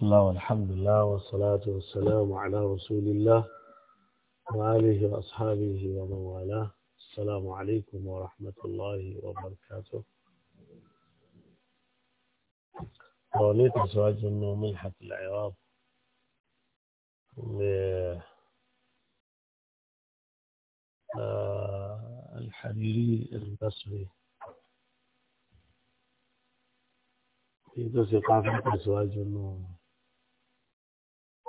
بسم الله والحمد لله والصلاة والسلام على رسول الله وآله وأصحابه ومن والاه السلام عليكم ورحمة الله وبركاته وليت أزواج أنه منحة العراق آه، الحريري البصري في قافلة أزواج النوم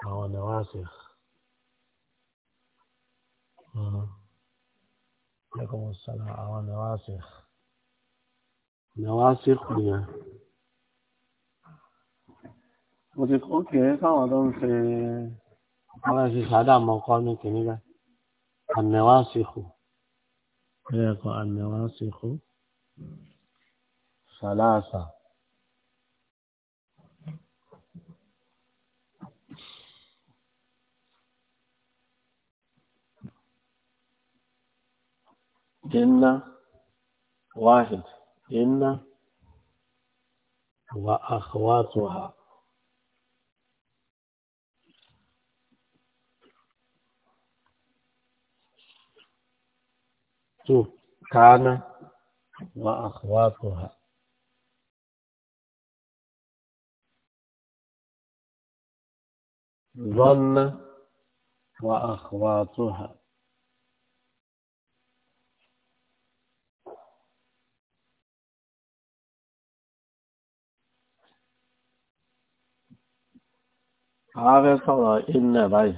àwọn nawasikh mm-hmm. aleykum salaam àwọn nawasikh nawasikh nìyẹn mo ti kó kéré sáwọn tó ń ṣe ọlọ́run que ṣáádà mọ́kọ́ ní kìnní bẹ́ẹ̀ النواسخ النواسخ ثلاثة إن واحد إن وأخواتها تو كان وأخواتها ظن وأخواتها હવે તો ઇન્ના ભાઈ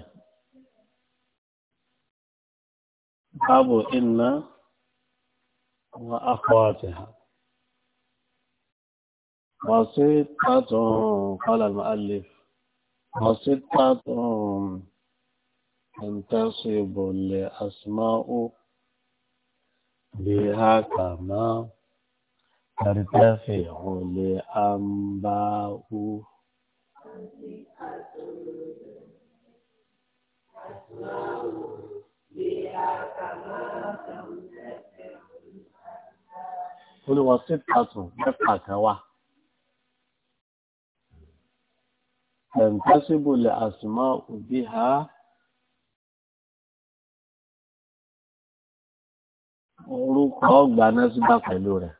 babu inna wa akhawatiha وستة قال المؤلف وستة تنتصب الأسماء بها كما ترتفع الأنباء olùwọ̀n six thousand mẹ́fà kan wà. ẹ̀ǹtẹ́síbù lè àsùnmọ́ òbí ha orúkọ ọgbà nẹ́síbà pẹ̀lú rẹ̀.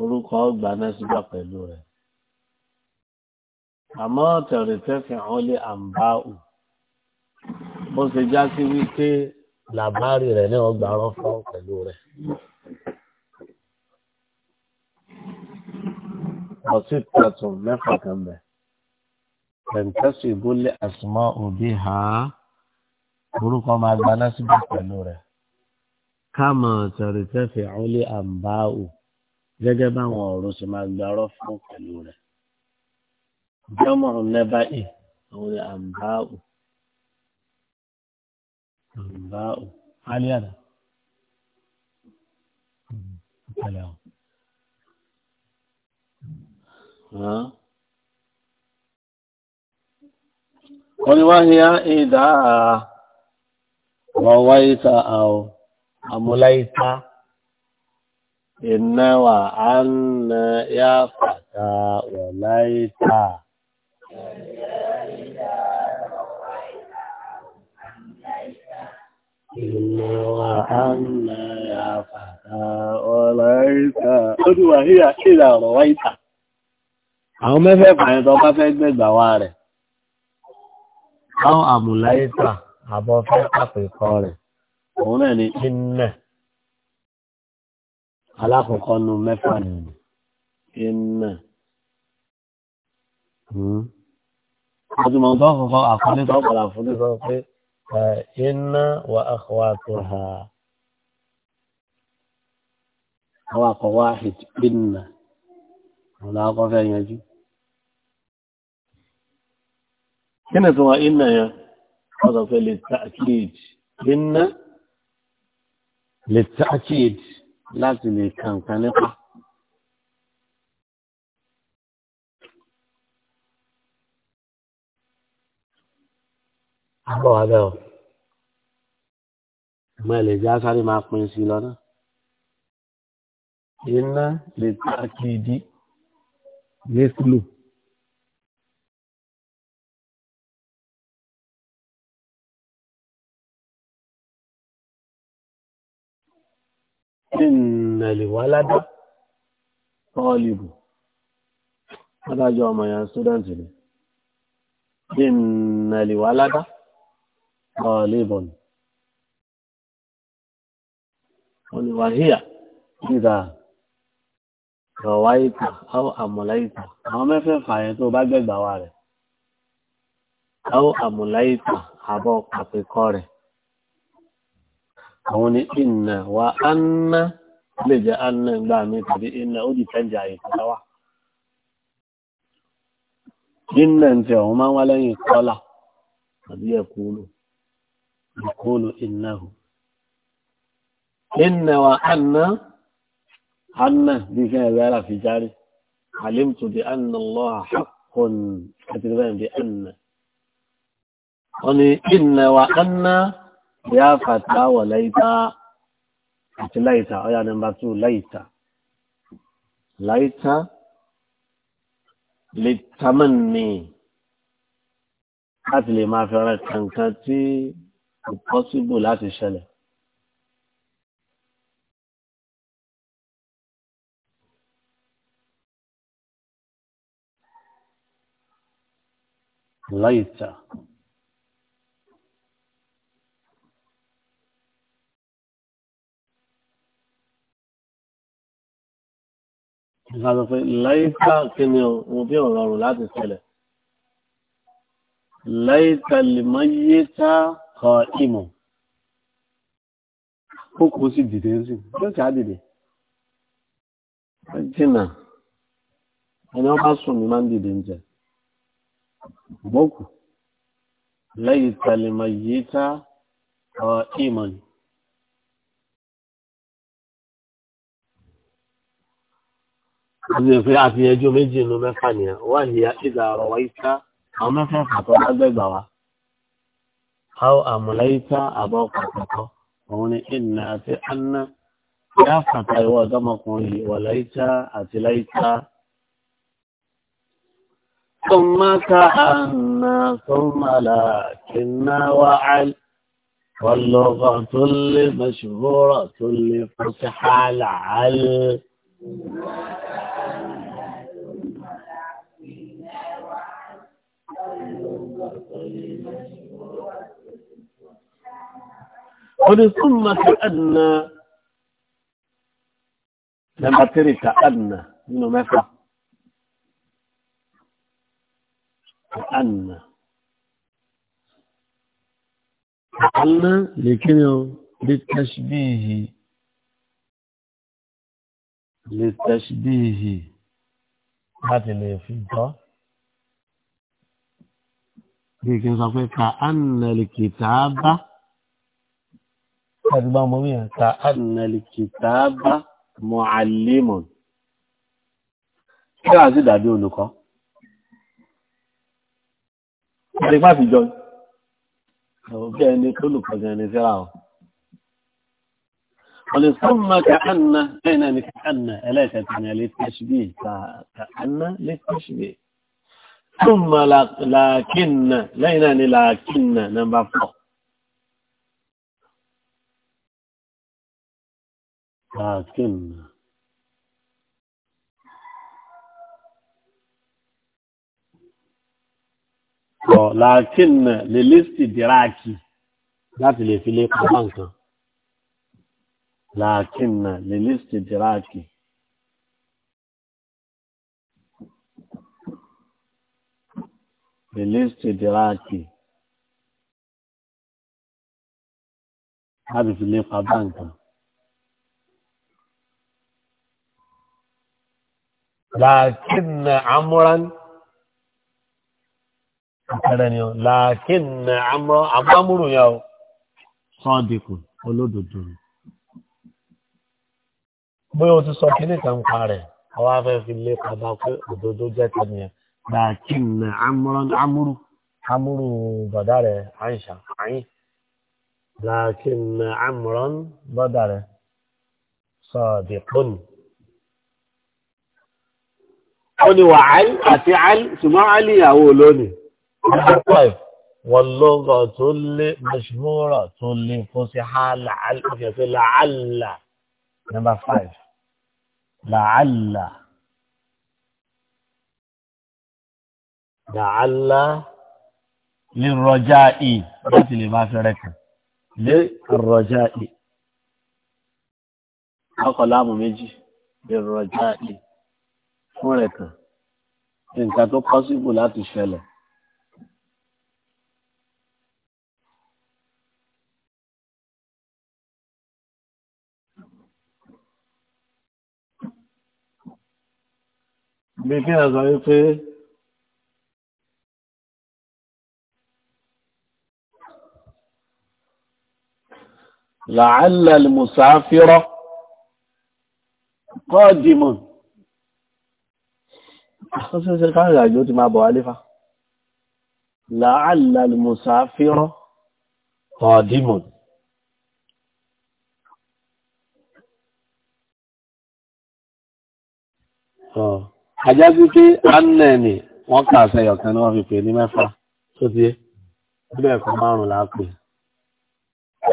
orúkọ ọgbà nẹ́sìgbà pẹ̀lú rẹ̀. àmọ́ tẹ̀rẹ̀tẹ̀fẹ̀ hàn lé àǹbá ò bó ṣe já sí wípé làbárì rẹ̀ ní ọgbà rọ́fọ́ pẹ̀lú rẹ̀. ọtí tẹ̀tùn mẹ́fà kan bẹ̀. tẹ̀ǹtẹ̀sì ìbúlẹ̀ àsùnmọ́ òbí ha orúkọ máa gba nẹ́sìgbà pẹ̀lú rẹ̀. káàmọ̀ tẹ̀rẹ̀tẹ̀fẹ̀ hàn lé àǹbá ò gẹ́gẹ́ báwọn ọ̀rọ̀ ṣe máa gbarọ́ fún pẹ̀lú rẹ̀. jọ́mọ̀ nẹ́bà ì àwọn ni àǹbáù àǹbáù aliada aliada wọ́n ni wọ́n hìyà ìdá àwọ̀wáyíta àwọ̀ àmúláyíta iná wà á ń na yá fàtà wà láyé tà. Iná wà á ń na yá fàtà wà láyé tà. Ó ti wà ní àkíyà ọ̀rọ̀ wa rẹ̀. Àwọn àmúláyé tà àbọ̀ fẹ́ pàpẹ̀kọ rẹ̀. Òun náà ni iná. alákọ̀ọ́kọ́ nu mẹ́fà ni iná ọdún tó kọ̀kọ́ àkọlé tó kọ̀lá fún ní sọ pé iná wà ákọ̀wà tó ha àwọn àkọ̀wà iná ọ̀lá akọ́fẹ́ yanjú kí ni tó wà iná yẹn ọ̀sọ̀ pé lè tàkìdì iná lè tàkìdì láti lè ka nípa. àbọ̀ abẹ́ o ẹ̀mọ́ ẹ̀ lè já máa pín sí lọ náà. iná lè ta kìdí lẹ́sùlù. ìnàlè wà ládá tọ́ọ̀lìbù adájọ́ ọmọ yẹn student ni ìnàlè wà ládá tọ́ọ̀lìbù ni wọ́n rọ̀wáìtà áwọ̀ àmúláìtà àwọn tó bá gbẹ̀gbà wa rẹ̀ áwọ̀ àbọ̀ àwọn ní ìnà wa anna lè jẹ́ anna gbà mí tàbí ìnà ó di tẹ́jà ìtọ́lá wa ìnà ǹtẹ̀ ọ̀hún máa ń wá lẹ́yìn kọ́là tàbí ẹ̀kúlù ẹ̀kúlù ìnáhù ìnà wa anna anna bí fẹ́ ẹ̀rọ ara fi járe alimtu bi anna Allah haqqun àti bí anna wọ́n ní ìnà wa anna ya fata wa laita àti laita ọ̀yà nọ́mbà tú laita laita lè tamán ní láti lè máa fẹ́ràn kankan tí kò pọ́síbù láti ṣẹlẹ̀. laita. nípa sọ pé láìka kíni òun bí ọ̀rọ̀ ọ̀rùn láti ṣẹlẹ̀ láìka lè má yé ká kọ ìmọ̀ kókó sì dìde sí yóò ṣáà dìde jìnnà ẹni wọn bá sùn ní máa ń dìde jẹ gbọ́kù láìka lè má yé ká kọ ìmọ̀ yìí. àti pé àfihànjú méjì inú mẹ́fà nìyẹn wà ní ìdá ọ̀rọ̀ wa ìta àwọn mẹ́fẹ̀ẹ̀fà tó bá gbẹ̀gbà wa. how àmúlẹ́yìíta àbọ̀ kọ̀kọ̀kọ̀ òun ni ìnà àti anna yá fàtà ìwọ ọ̀dọ́mọkùnrin yìí wà láyìíta àti láyìíta. ثم كأنا ثم لكنا وعل واللغة المشهورة لفصحى العل. ولثم كأن لما تري كأن منه ما فعل كأن كأن لكنه للتشبيه للتشبيه هذا اللي في لكن صفيت كأن الكتابة láti bá mọ́ mìíràn ta annalkitaba mu'allimun kí àti dàbí olùkọ́ ẹni má fi jọ bí ẹni tó lùkọ́ gan ni síra ọ̀ wọ́n lè sọ́n mọ́ ka anna bẹ́ẹ̀ náà ni ka anna ẹlẹ́ẹ̀kẹta ni lè tẹ́ṣibí ka anna lè tẹ́ṣibí ثم لكن لينا لكن نمبر 4 لكن لكن للاستدراك láti lè fi lé pamọ́ nǹkan làákìn náà lè lísìtì dìráàkì. lè lísìtì dìráàkì láti fi lé pamọ́ nǹkan. làákìnnà amúran àpẹẹrẹ ni ọ làákìnnà amúran àbámúrò yà ó sọ́ọ̀dìkù olódodo bóyá o ti sọ kí nìkan pa rẹ̀ àwa fẹ́ fi lé padà pé òdodo jẹ́ tẹ̀lé yẹn làákìnnà amúran amúrù bàdá rẹ̀ àyìnṣà àyìn làákìnnà bàdá rẹ̀ sọ́ọ̀dìkù ó ní wà áìl àti áìl ṣùgbọ́n áìl ìyàwó lónìí. wọ́n lọ́gọ̀ tó lé mẹ́ṣúmọ́rà tó lé fún sí hàlà àlùfẹ́fẹ́ làálà number five làálà làálà lè rọjá ì láti lè máa fẹ́rẹ̀ kan lè rọjá ì. akọ̀lá àmọ̀ méjì lè rọjá ì. fún rẹ̀ kàn nǹkan tó pọ́sibù láti ṣẹlẹ̀. bí kí ẹ sọ wípé làálẹ̀ lùmùsáfírọ́ kọ́ọ̀dìmọ̀. àkọsíṣẹ́ káàrin àjò ti máa bọ̀ wá lífà láàlàlì musafirọ́ ọ̀dìmọ̀n àjásí pé annẹ̀ni wọ́n kà sẹ́yọ̀ kan ní wọ́n fi pè ní mẹ́fà tó ti bẹ́ẹ̀ kọ́ márùn-ún láàpẹ̀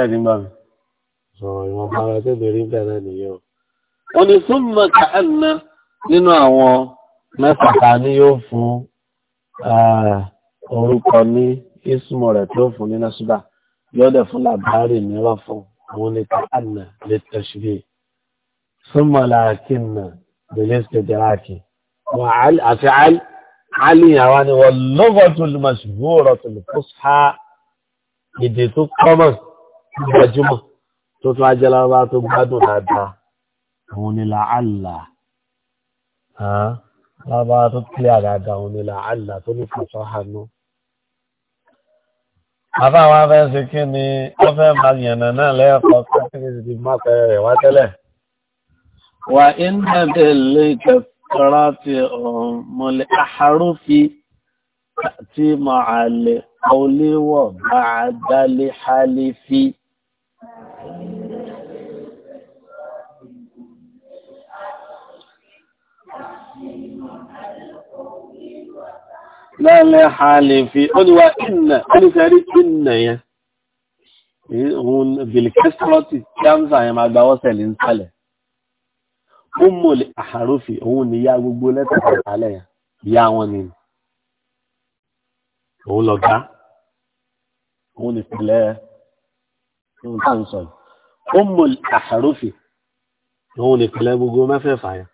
ẹ̀ nígbà sọ̀rọ̀ ìwọ̀n mẹ́fà ta ni yóò fún orúkọ ní ismu rẹ̀ tó fún ní nasuba yóò dẹ̀ fún làbárì mìíràn fún òun ní káànà lè tẹ̀sílẹ̀ súnmọ́ làákìnnà bẹ̀lẹ́ sẹ̀dẹ̀ráàkì àti àlìyàn wa ni wọ́n lọ́gọ́ tó lè máa ṣùgbọ́n tó lè kó sá èdè tó kọ́mọ̀ gbajúmọ̀ tó tún ajẹ́lára tó gbádùn dáadáa òun ni lábá tó kílẹ̀ àdáadáa òun ni làálà tó ní fòsọ́ hànú. bàbá wa fẹ́ ṣe kí ni wọ́n fẹ́ máa yànnà náà lẹ́ẹ̀kọ́ kékeré ti di mápẹ́rẹ́ rẹ̀ wá tẹ́lẹ̀. wà á ń dàbẹ̀ lè kẹ́kọ̀ọ́ ti mọ̀lẹ́ àhárúfi àti mọ̀ọ́lẹ́ ọ̀lẹ́wọ̀ bá a dálé hálífì. lẹ́lẹ́ halifi ọdíwá inna ọdíṣẹ́rí inna yẹn ohun bilkestrọti kíámsà yẹn ma gbà ọ́sẹ̀lì ń sálẹ̀ ó mọ̀lẹ̀ àhàrófì ohun ni ya gbogbo lẹ́tàkàtàlẹ̀ yẹn ya wọn ni òun lọ́gá òun ìpìlẹ̀ ohun tó ń sọ yìí ó mọ̀lẹ̀ àhàrófì òun ìpìlẹ̀ gbogbo mẹ́fẹ̀ẹ̀fà ẹ̀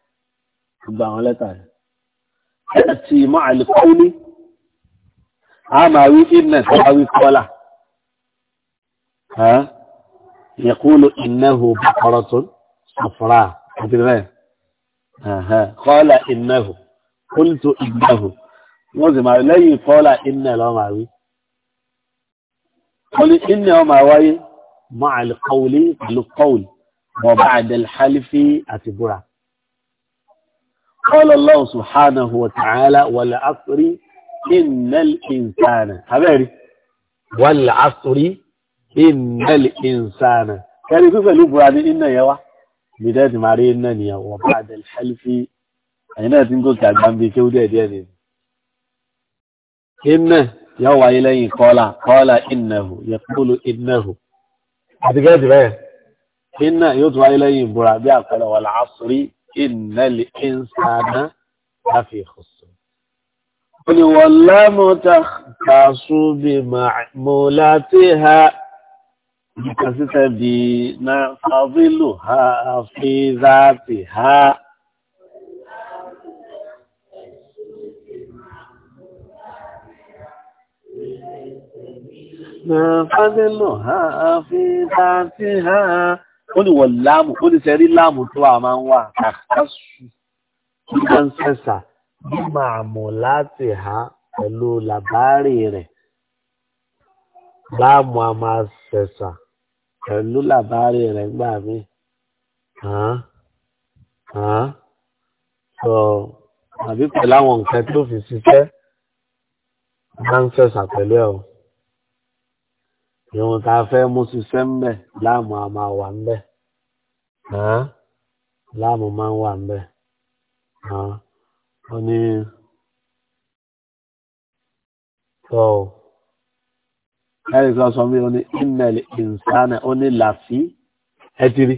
a máa wí iná sábà wí kọ́lá yẹ̀kúlù ináhù bàkọ́rọ̀ tó sọ̀fọ́rà àti rẹ̀ kọ́lá ináhù kúlùtù ináhù wọ́n sì máa lẹ́yìn kọ́lá iná lọ́ máa wí. wọ́n ní iná ọ máa wáyé mọ́ àlùkọ́wùlì pẹ̀lú kọ́wùlì wọ́n bá àdẹ̀lẹ́hálífì àti búra. قال الله سبحانه وتعالى والعصر إن الإنسان أباري والعصر إن الإنسان كان يقول لك بعد إن يوا بداية ماري إن يوا وبعد الحلف أنا تنقل كالبان بي كودة ديانين إن يوا إليه قال قال إنه يقول إنه هتجاد بقى إن يطوى إليه برابع قال والعصر إن الإنسان لفي خص ni wọ́n lámọ́ ta kàásù bí mọ̀lá tí ha ìkàsíta bí na fàbílù ha àfíìzá ti ha. Na fàbílù ha àfíìzá ti ha. Ó ní wọ́n lámù, ó ní sẹ́rí lámù tó a máa ń wà kàkásù, kí wọ́n ń sẹ́sà bí màmú láti ha pẹ̀lú làbárì rẹ̀ láàmú a máa ṣẹ̀ṣà pẹ̀lú làbárì rẹ̀ gbà mí. sọ àbí pẹ̀lú àwọn nǹkan tó fi ṣiṣẹ́ máa ń ṣẹ̀ṣà pẹ̀lú ẹ̀ o. ìwọ̀n tá a fẹ́ mú ṣiṣẹ́ ń bẹ̀ láàmú a máa wà ń bẹ̀. láàmú máa ń wà ń bẹ̀ wọ́n ní tọ́ ọ ẹ̀rí kan sọ mí ó ní ìnẹ̀lẹ̀ ìnsánà ó ní làfí ẹ ti rí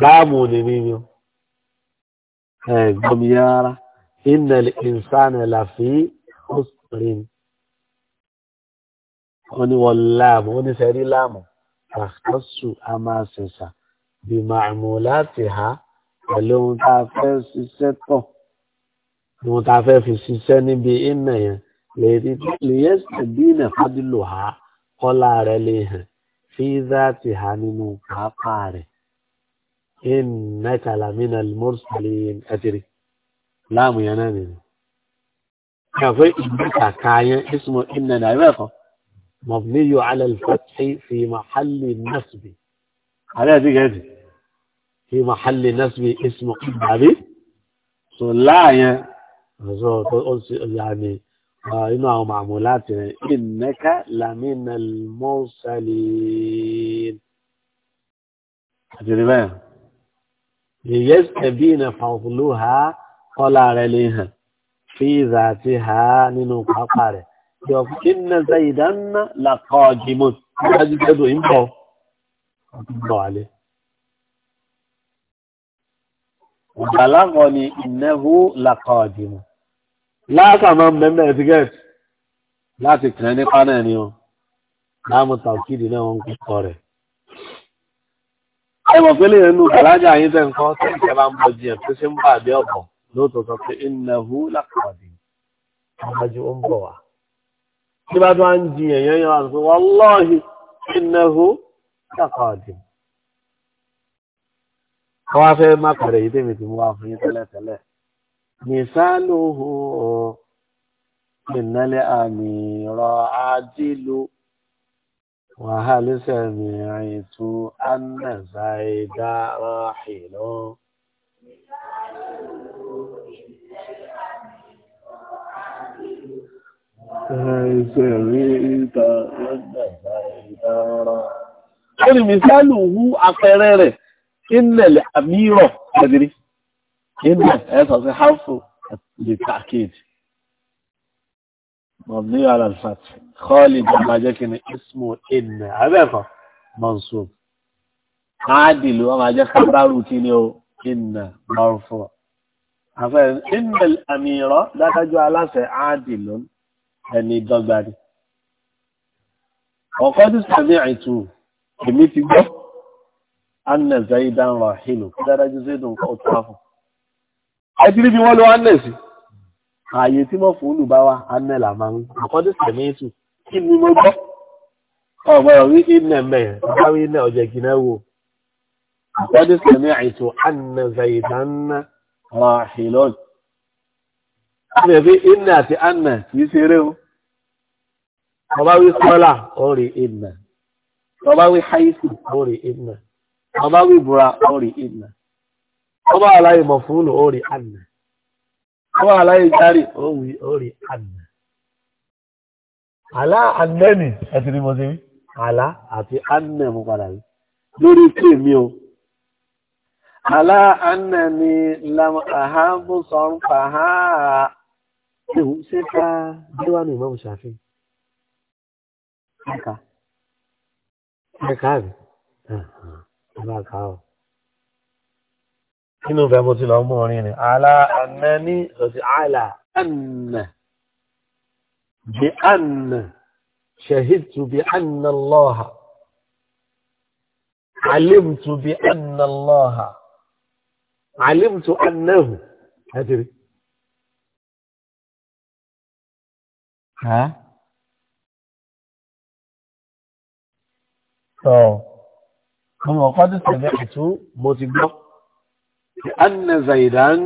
dáàmù ní mímí o ẹ gbọ́ mi rárá ìnẹ̀lẹ̀ ìnsánà làfí ó rí mi ó ní wọ́n láàmù ó ní sẹ́rí láàmù tàkásù a máa ṣẹ̀ṣà bí màmúlá ti há pẹ̀lú ohun tá a fẹ́ ṣiṣẹ́ tán. المتعفاف السيساني بإن ليستدين قد اللوحا قول عرليها في ذاتها منو كاقاري إنك لمن المرسلين أدري لا ميانانين كفي إنك كاية اسمه إننا عباقه مبني على الفتح في محل النصب على ذلك هذه في محل نصب اسمه إبعبي صلى الله عليه ọ̀sọ́ ọ̀yàní inú àwọn màmú láti rìn ìnẹ́ká lamina mọ́sálìn. àtìrí bẹ́ẹ̀ yìí ẹbí ìnà fàfúlù ha kọ́lá rẹ̀ lè hàn fi ìzà àti ha nínú pápá rẹ̀ kí ọkùnrin kí ní zayidan lakọ́ jimot dájú tẹ́dọ̀ ń bọ̀ ń bọ̀ wálé. ìgbàláwọ̀ ni ìnáwó làkọ̀ọ̀dìmọ̀ láàkàmọ́ mẹ́mẹ́ tíkẹ́ẹ̀tì láti kàn nípa náà ni ó láàmú tàùkìdì náà wọn kọ́ rẹ̀. ẹ mọ̀ pé lèyìn nù kàlájà yín tẹ̀ ń kọ́ tí ìjẹ́ bá ń bọ̀ jiyàn tó ṣe ń bà bí ọ̀bọ̀ lóòótọ́ pé ìnáwó làkọ̀ọ̀dìmọ̀ ọmọdé ó ń bọ̀ wá. tí bá tó ń jiyàn yẹn yọ káwá fẹ́ má pẹ̀rẹ̀ yìí tèmi ti mú wa fún yín tẹ́lẹ̀tẹ́lẹ̀ mìsálòhù ìnálẹ̀ àmì rọ̀ ájílù wàhálísẹ̀ mi àyètú anàzáìdá ráhìlọ́. Ó ní mìsálòhù apẹ̀rẹ̀ rẹ̀ ìnẹ̀lẹ̀ àmírọ̀ ẹ̀dìrí ìnẹ̀ ẹ̀sọ̀ sí háfù lè tàkéèdì mọ̀mí alàlfàt kọ́ọ̀lì jọba jẹ́ kí ni ismu ìnẹ̀ abẹ́ẹ̀kọ́ mansub áàdìlú wọn máa jẹ́ kábàrù kí ni o ìnẹ̀ marfu' àfẹ́rẹ́ ìnẹ̀ àmírọ̀ dádájọ́ aláṣẹ áàdìlú ẹni dọ́gba ni ọ̀kọ́ ti sàmì àìtù èmi ti gbọ́ anna zaidan rahilu dádájú zaidun kọ́ tààfù ẹjírí bí wọ́n lo anna sí ààyè tí mọ́ fún olùbáwá anna là máa ń àkọ́dé sẹ̀mẹ́tù kí ni mo gbọ́ ọ̀gbọ́rọ̀ wí iná mẹ́ báwí iná ọ̀jẹ̀ gíná wo àkọ́dé sẹ̀mẹ́tù anna zaidan rahilu ẹ̀bí iná àti anna kì í ṣeré o ọba wí sọ́là ó rí iná ọba wí haisi ó rí iná ọba wí bùra ọrì ìnà ọba aláyè mọ̀ fún ọrì ànà ọba aláyè járì òwì ọrì ànà àlá ànẹ́nì ẹ̀sìn ni mo ṣe wí àlá àti ànẹ́ mo padà wí lórí kí mi o àlá ànẹ́nì lam àhábù sọ̀rọ̀ fàá ẹ̀hù ṣe ká déwánu ìmọ̀ ṣàfihàn ẹ̀ka ẹ̀ka rẹ̀ má kà ó. Nínú ìfẹ́ mo ti lọ mú orin ni, àlá àná ní ọ̀sẹ̀ àlá àná. Bí àná, ṣẹ̀hìtù bí àná lọ́ha. Àlìmtù bí àná lọ́ha. Àlìmtù ànáhù. Ẹ ti ọmọ ọ̀kọ́ tó tẹ̀lé ẹ̀tú mo ti gbọ́ ti anna zaidan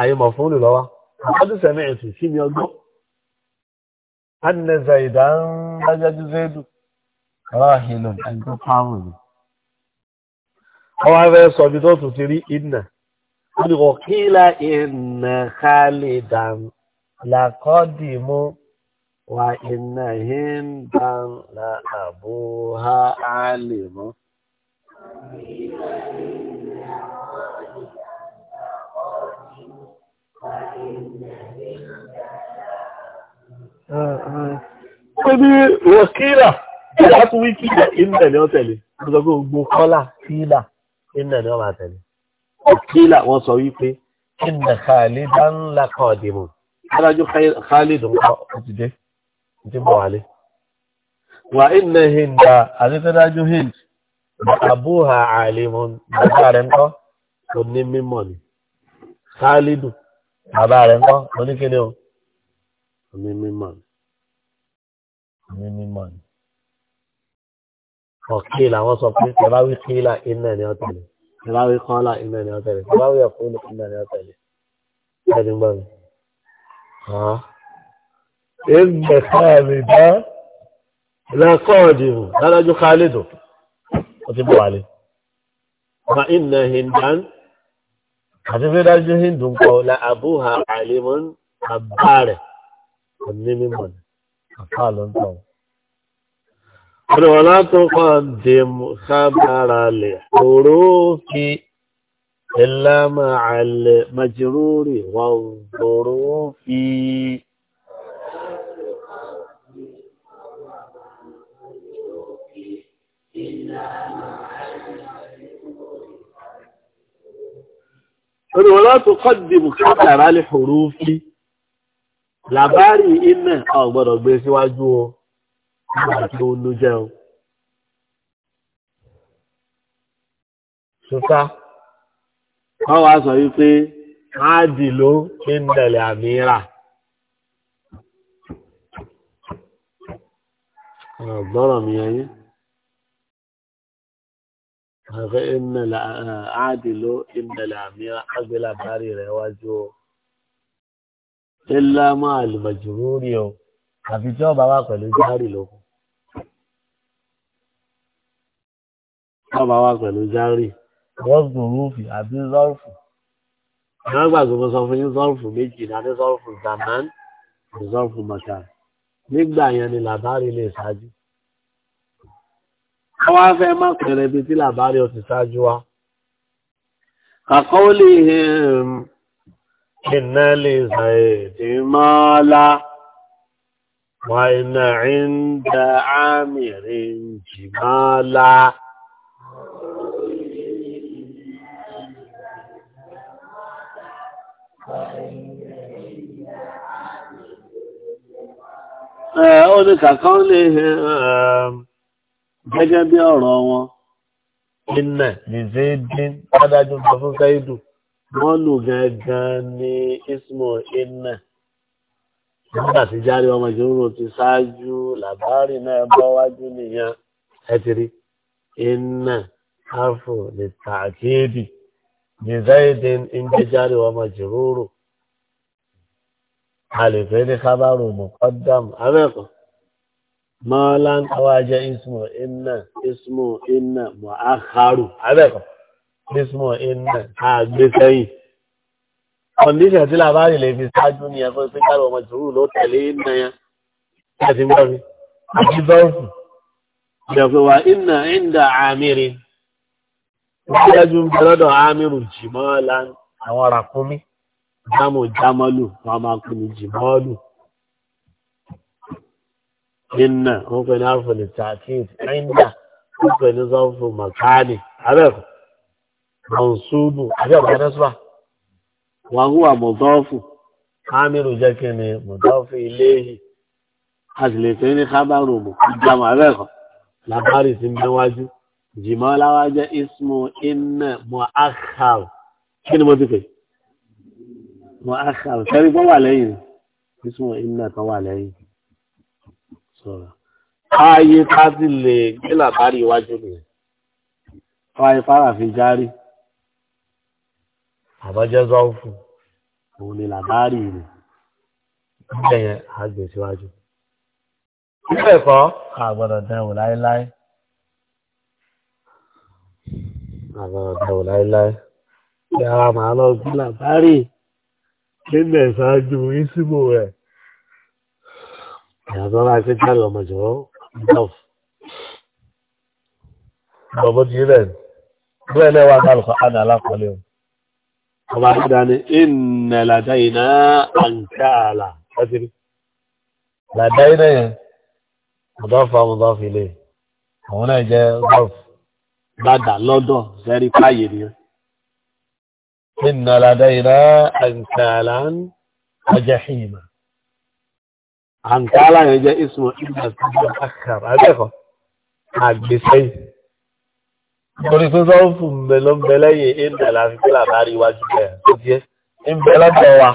àyèmọ̀ fún mi lọ́wọ́ ọkọ́ tó tẹ̀lé ẹ̀tú sí mi ọgbọ́ anna zaidan lájájú zaidu rahil ẹgbẹ́ pààrùn mi. ọwọ́ abẹ́ sọ bí tó tún ti rí inna ó ní ọ̀kílà inna khalidan làkọ́dìmú wa inna hindan la àbúhá àlèmọ́. Ó ní wọ̀kílà, ìyá tún wí kílà, ìmìnà ni ó tẹ̀lé. Mo sọ pé gbogbo kọ́là kílà, ìmìnà ni ó máa tẹ̀lé. Wọ̀kílà wọ́n sọ wípé, ìmìnà Khalida ń la kọ́ ọ̀dìmù. Adájọ́ Khalid ń kọ́ òtìdé, ìdí mọ̀ wálé. Wà ìmìnà Hinda, àti tẹ́dájú Hind, àbúhà àlèmọ́ bàbá rẹ̀ ńkọ́ oní mímọ̀ ni khalidu bàbá rẹ̀ ńkọ́ oníkíní o oní mímọ̀ ni oní mímọ̀ ni ọ̀kìlà wọ́n sọ pé ẹ wí kílà iná ni ọ tẹ̀lé ẹ bá wí kọ́là iná ni ọ tẹ̀lé ẹ bá wí ẹ̀kúlù iná ni ọ tẹ̀lé ẹ̀dùn gbọ́ mi. Ìgbẹ̀ká mi dá lẹ́kọ̀ọ́dì mù ládájú khalidu. ọtíbọ̀ wà lè ma iná hindan àti fi dájú hindu ń kọ́ la abúha àlèmọ́n àbá rẹ̀ mímọ̀ àfáà ló ń tọ̀ wọ́n wọ́n látò kan dìm kábàárà lè òró fi إلا مع المجرور والظروف إلا torí wọn lọ́tò kọ́dìmù kátàrà lè hòrò fi làbárì iná ọ̀gbọ́dọ̀ gbé síwájú o nígbà tí ó ló jẹ́ o. Ṣùkà wọ́n wá sọ wípé áàdì ló ń dẹ̀lẹ̀ àmìírà. Ọ̀gbọ́rọ̀ mi yẹn ìnàlà eh, àádìló ìnàlà àmì agbélà bárì rẹ̀ wájú o. ilá máa lùmọ̀jùrú rí o àfi tí ọba wà pẹ̀lú járì lókun. ọba wà pẹ̀lú járì wọ́n gùn rúfì àbí zọ́ọ̀fù. wọ́n gbàgbé mo sọ fún yín zọ́ọ̀fù méjì náà ní zọ́ọ̀fù zaman ní zọ́ọ̀fù mọ̀tà. nígbà ni làbárì lè ṣáájú káwá fẹ́ má pẹ̀rẹ̀ ibi tí làbárí ọtí ṣáájú wa. kàkọ́ lè um, iná lè ṣàìdí mọ́lá wà iná ìndà àmìrí jìmọ́lá. Ó ní kàkọ́ lè um, hàn gẹ́gẹ́ bí ọ̀rọ̀ wọn iná lìzéédín adájú sọ fún sáyidù wọ́n lù gangan ní ismo iná nígbà tí járe ọmọ ìṣòro ti ṣáájú làbárì náà bọ́ wájú nìyẹn ẹ ti rí iná káfù lè tààkéèdì lìzéédín ń gbé járe ọmọ ìṣòro a ní kábàrò mọ̀kọ́dàmù abẹ́kọ̀ọ́ mọ́lán awájẹ́ ismọ̀ iná ismọ̀ iná mọ̀ áhàrù abẹ́kọ̀ ismọ̀ iná àgbé sẹ́yìn kọ̀ndíṣẹ̀ tí làbárì lè fi ṣáájú ní ẹ̀fọ́ pé káàrọ̀ ọmọ ìṣòro ló tẹ̀lé iná yẹn láti mọ́ mi àti bọ́ọ̀sì ìjọpẹ́ wa iná ìndà àmìrì ìṣẹ́jú ń bẹ inna wọ́n pè ní àfọ̀ ní thirteen ẹ̀ńdà wọ́n pè ní sọ́fù màkáàdì abẹ́fọ̀ mọ̀nsúbù abẹ́fọ̀ ẹ̀dẹ́sùpà wọ́n hùwà mọ̀tọ́fù kámírù jẹ́ kí ni mọ̀tọ́fù iléyìí a sì lè pè ní kábàrù mọ̀kúndàmù abẹ́fọ̀ làbárì sí mẹ́wájú jìmọ́láwá ismu inna mu'akhkhar kí mo ti pè mu'akhkhar kẹ́rin kọ́ wà ismu inna kan wà lẹ́yìn sọ̀rọ̀ ààyè tá ti lè gbé làbárí iwájú nìyẹn fáyé fara fi járí àbájẹ́ zọ́ọ̀fù òun ni làbárí rẹ̀ níbẹ̀ yẹn àgbè síwájú. níbẹ̀ kọ́ a gbọ́dọ̀ dẹ̀wò láéláé a gbọ́dọ̀ dẹ̀wò láéláé bí ara màá lọ gbé làbárí níbẹ̀ ṣáájú ìsìnkú rẹ̀ ìyàtọ̀ náà ṣe jáde ọmọ ìjọ gulf ọmọ ti rẹ̀ bẹ́ẹ̀ náà wà náà lọ́kọ̀ ádà alákọ̀ọ́lẹ̀ o. ọba àdá ni ìnà làdá iná àǹkàlà ọtí làdá iná yẹn mọ̀dọ́fà mọ̀dọ́fà ilé àwọn náà jẹ́ gulf gbàdà lọ́dọ̀ sẹ́rí páyé ni. ìnà làdá iná àǹkàlà ọjà xìyìmá. عن تعالى جاء اسمه إلا الزمن أخر أليخو عاد بسي قولي سوف ملوم بلاي إلا لأسكلا باري واجبه سوفيه إن بلا دوا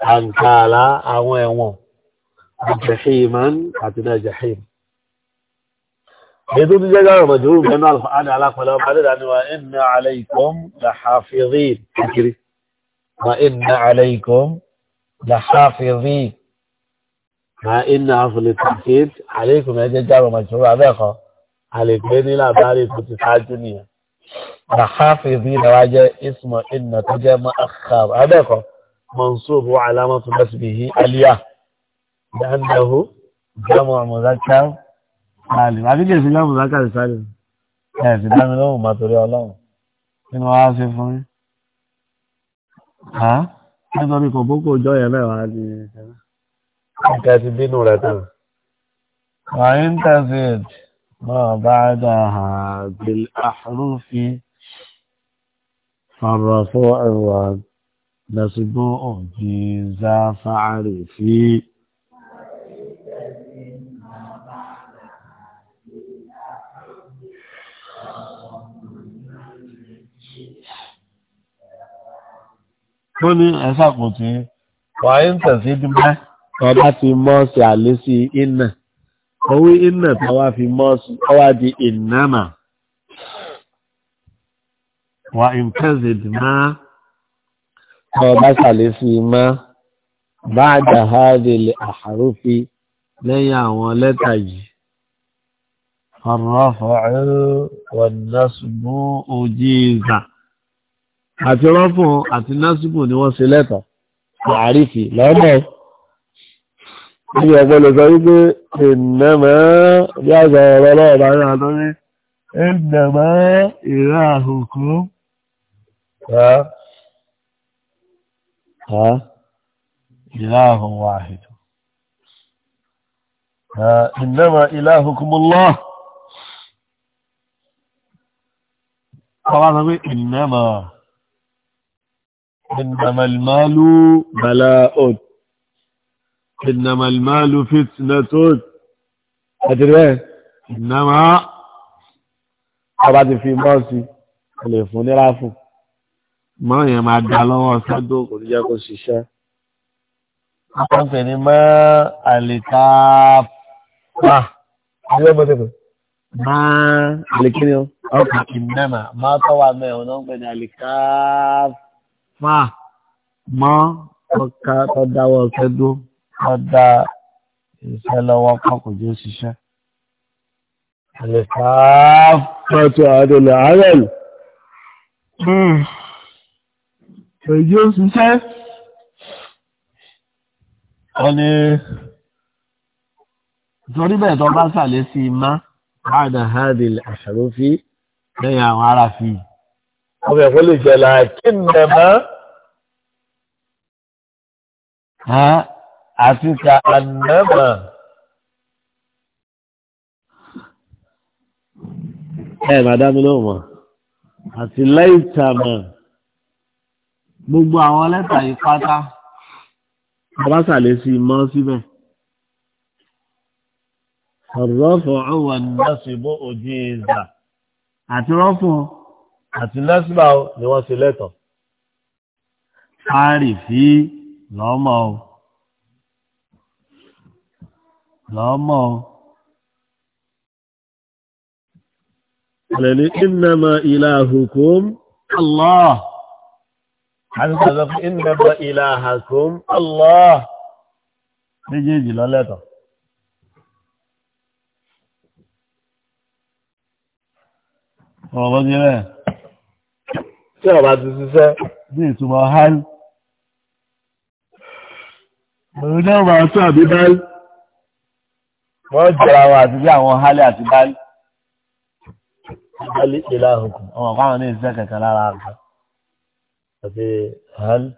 عن تعالى أوين وو جحيما عتنا جحيم بدون جاء مجهول من القرآن على قلوب عدد أن وإن عليكم لحافظين وإن عليكم لحافظين ma inna afúlé tàkìt àlékún ẹjẹ jáwọ màjúrò abẹ́ẹ̀kọ́ àlègbé nílà bárẹ̀ tó ti ṣáájú nìyẹn bàháfì bí ìdáwà jẹ́ ismọ inna tó jẹ́ mọ́ àkàrà abẹ́ẹ̀kọ́ mọ̀nsóòbù alámọ́tò bẹ́sì bí i aliyah dáńdáhù jámọ̀ àmọ̀záká sálìm àbíkè sí jámọ̀ àmọ̀záká sálìm ẹ̀ sì dá mi lóhùn mà torí ọlọ́run kí ni wàá ṣe fún yín nítorí kò bókò ọjọ́ yẹn mẹ́wàá ni ẹ̀ nǹkan ti bínú rẹ̀ tán. wàyín tazid náà bá dà ha bil ahrufi farafo ẹwà lásìgbò òjì záfàárì fi. Tó ní ẹ̀sàkùn tí wàá ń tẹ̀sí dúpẹ́ ọba ti mọ́ọ̀sì àlésí iná owó iná tàwa fi mọ́ọ̀sì ọwá di ìnáàmà wà ìmpẹ́sìd máa ọba sàlésí máa bá àjàhádìlẹ̀ àhàrúfi lẹ́yìn àwọn lẹ́tà yìí ọ̀rọ̀fọ̀ wọ̀nàṣùgbọ́ ojí ìzà àti rọ́fún àti násìbò ni wọ́n ṣe lẹ́tà àrífì lọ́dọ̀ọ́ هي ولا زيد انما يا زال لا لا يا دوني انما الهكم ها ها اله واحد ها انما الهكم الله طبعا انما انما المال بلاء إنما المال فتنة أدري إنما ọba ti fi bọ́ọ̀sì kò lè fún ní ráfù mọ́ yẹn máa dá lọ́wọ́ sọ́dọ̀ kò ní jẹ́ kó ṣiṣẹ́ wọ́n pè ní mọ́ àlìkáàpà mọ́ àlìkíni ọkà ìnẹ́mà mọ́ tọ́wà mẹ́rin náà ń pè ní àlìkáàpà mọ́ ọkà tó dáwọ́ sọ́dọ̀ wọ́n dá iṣẹ́ lọ́wọ́ kan kò jẹ́ ṣiṣẹ́. Àlẹ́fàáfẹ́tò àdèlè àárẹ̀lì. Hmm. Kò jẹ́ ṣiṣẹ́. Wọ́n ní torí bẹ́ẹ̀ tó bá sàlẹ̀ sí má àdà àdèlè àṣàrófí lẹ́yìn àwọn aráàfin. Ọmọ ẹ̀kọ́ lè jẹ́ làákí nnẹ̀mọ́ àti ka ànámà ẹ màdámi náà mọ àti láìsàmà gbogbo àwọn lẹ́tà yìí pátá abásàlẹ̀ sí mọ́ síbẹ̀. Rọ́fọ̀ ọwọ́ nọ́ọ̀sìbó òjì ìzà àti rọ́fọ̀ àti nọ́ọ̀sìbà ni wọ́n ṣe lẹ́tọ̀. Fáàrì fi lọ́mọ o lọ́mọ́ lẹ́ni innama ilahukum Allah àtìsàzọ́ fún innama ilahakum Allah méjèèjì lọ́lẹ́tọ̀ ọ̀rọ̀ bọ́ sí rẹ̀ tí ọ̀bá ti ṣiṣẹ́ bí ìtumọ̀ hàn Òun náà máa tó àbíbáyìí wọ́n jọra wọn àti bí àwọn hálẹ̀ àti báyìí. hálẹ̀ ìlà òkun ọmọ kan ní ìṣe kankan lára àgbà àti hálẹ̀.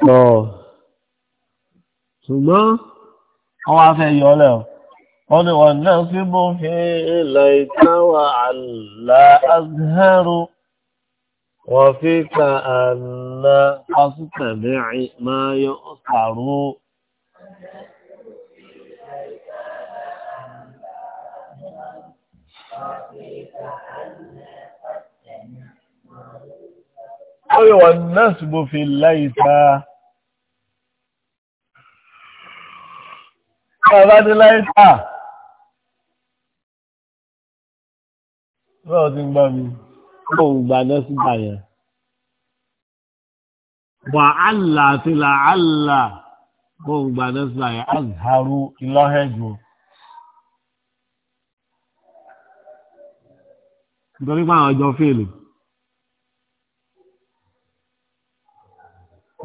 sọ ṣùgbọ́n wọ́n wá fẹ́ yọ ọ́ lẹ́wọ̀n. قد والنصب في ليت وعلى أزهر وفيك أن أستمع ما يؤثر أيوة النسب في الليث فبعد الليث ما هو تنبامي òun gba nẹ́sìgbà yẹn. wà á là àti là á là òun gba nẹ́sìgbà yẹn á zàrú ìlọ́hẹ́jù. nítorí pé àwọn ọjọ́ fèlè.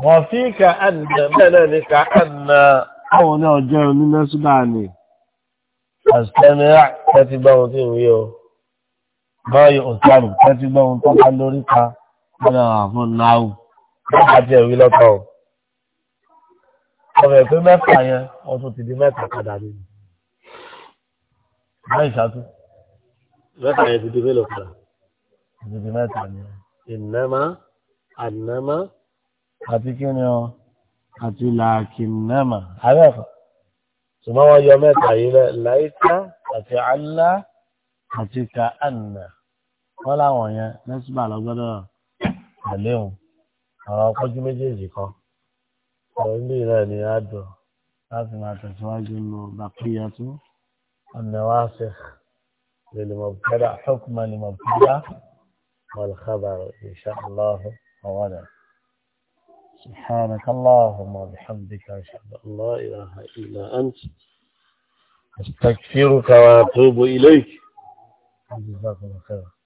wọ́n fi ka ànà mẹ́lẹ̀ ní ka ànà. àwọn ọjọ́ onílẹ̀sùgbà ni. àṣìṣẹ́ mi rà kẹ́tì bá tí ń wí o bọ́ọ̀yì ọ̀sánù tẹ́tí gbọ́ ohun tó bá lórí ka nínú ah, àwọn náàwù nígbà tí ẹ̀rí lọ́tọ̀ o. ọ̀rẹ́ pé mẹ́fà yẹn wọ́n tún ti di mẹ́ta padà nínú. báyìí ṣáàtú mẹ́fà yẹn ti di mélòó padà. ti di mẹ́ta ni. ìnáma ànáma. àti kí ni ọ àti làákìnnáma. àárẹ̀ kan ṣùgbọ́n wọ́n yọ mẹ́ta yìí lẹ́ láìka àti àlá àti ka ànà. wọ́n láwọn yẹn nẹ́sìmà lọ gbọ́dọ̀ tẹ̀lé òun àwọn akọjú méjèèjì kan ọ̀rọ̀ ilé rẹ̀ ni a dùn láti máa tẹ̀síwájú lu bàkúyà tó ọ̀nà wa ṣe lèlè mọ̀bùkẹ́dà ṣọ́kùnmá ni mọ̀bùkẹ́dà والخبر إن شاء الله أولا سبحانك اللهم وبحمدك أشهد أن لا إله إلا أنت أستغفرك وأتوب إليك جزاكم خيرا